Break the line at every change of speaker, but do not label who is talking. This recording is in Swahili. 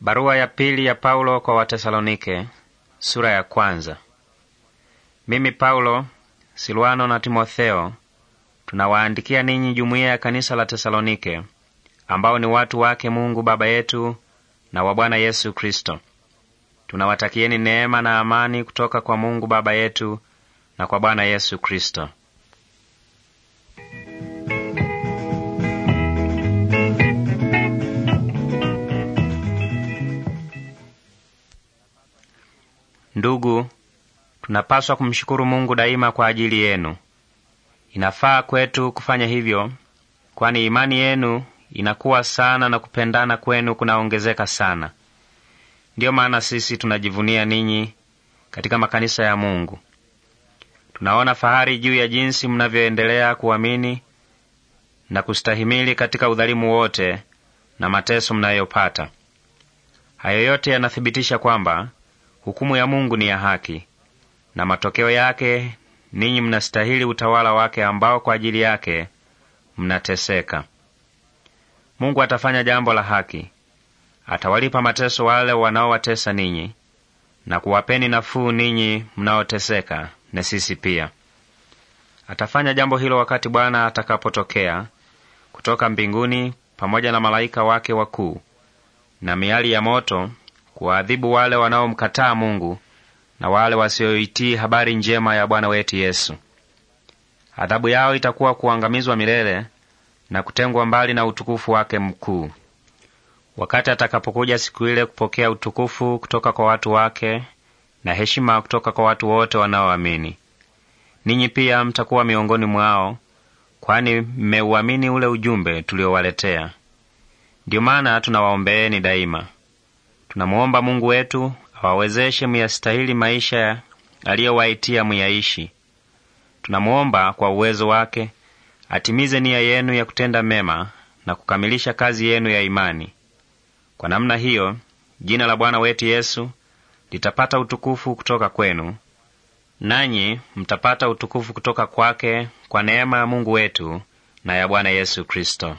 Barua ya pili ya Paulo kwa Watesalonike, sura ya kwanza. Mimi Paulo, Silwano na Timotheo tunawaandikia ninyi jumuiya ya kanisa la Tesalonike ambao ni watu wake Mungu Baba yetu na wa Bwana Yesu Kristo. Tunawatakieni neema na amani kutoka kwa Mungu Baba yetu na kwa Bwana Yesu Kristo. Ndugu, tunapaswa kumshukuru Mungu daima kwa ajili yenu. Inafaa kwetu kufanya hivyo, kwani imani yenu inakuwa sana na kupendana kwenu kunaongezeka sana. Ndiyo maana sisi tunajivunia ninyi katika makanisa ya Mungu. Tunaona fahari juu ya jinsi mnavyoendelea kuamini na kustahimili katika udhalimu wote na mateso mnayopata. Hayo yote yanathibitisha kwamba Hukumu ya Mungu ni ya haki, na matokeo yake ninyi mnastahili utawala wake, ambao kwa ajili yake mnateseka. Mungu atafanya jambo la haki, atawalipa mateso wale wanaowatesa ninyi na kuwapeni nafuu ninyi mnaoteseka na sisi pia. Atafanya jambo hilo wakati Bwana atakapotokea kutoka mbinguni pamoja na malaika wake wakuu na miali ya moto kuwaadhibu wale wanaomkataa Mungu na wale wasioitii habari njema ya Bwana wetu Yesu. Adhabu yao itakuwa kuangamizwa milele na kutengwa mbali na utukufu wake mkuu, wakati atakapokuja siku ile kupokea utukufu kutoka kwa watu wake na heshima kutoka kwa watu wote wanaoamini. Ninyi pia mtakuwa miongoni mwao, kwani mmeuamini ule ujumbe tuliowaletea. Ndiyo maana tunawaombeeni daima tunamwomba Mungu wetu awawezeshe muyastahili maisha aliyowaitia muyaishi. Tunamwomba kwa uwezo wake atimize nia yenu ya kutenda mema na kukamilisha kazi yenu ya imani. Kwa namna hiyo, jina la Bwana wetu Yesu litapata utukufu kutoka kwenu, nanyi mtapata utukufu kutoka kwake kwa neema ya Mungu wetu na ya Bwana Yesu Kristo.